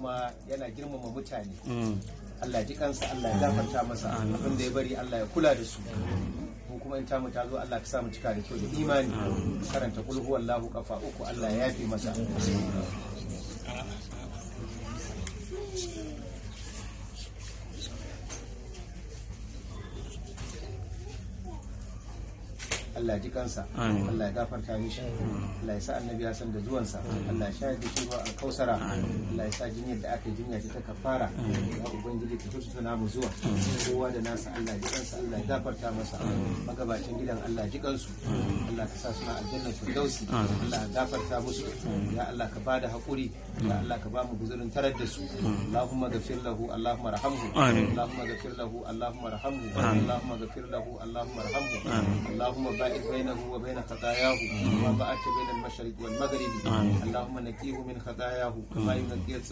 kuma yana girmama mutane mm. Allah ji kansa Allah ya gafarta masa abin da ya bari Allah ya kula da su mu kuma in tamu ta zo Allah ka sa mu cika da kyau da imani karanta kulhu wallahu kafa uku Allah ya yafe masa Allah ji kansa Allah ya gafarta mishi Allah ya sa annabi ya san da zuwansa Allah ya shayar a kausara Allah ya sa jinyar da aka jinya ta ta kafara ya ubangiji ta tutu na mu zuwa kowa da nasa Allah ji kansa Allah ya gafarta masa magabacin gidan Allah ji kansu Allah ka sa suna aljanna firdausi Allah ka gafarta musu ya Allah ka bada hakuri ya Allah ka ba mu guzurin tarar da su Allahumma ghafir lahu Allahumma rahamhu Allahumma ghafir lahu Allahumma rahamhu Allahumma ghafir lahu Allahumma rahamhu Allahumma ba'id bainahu wa bain khatayahu wa mashriq wal maghrib Allahumma naqihu min khatayahu kama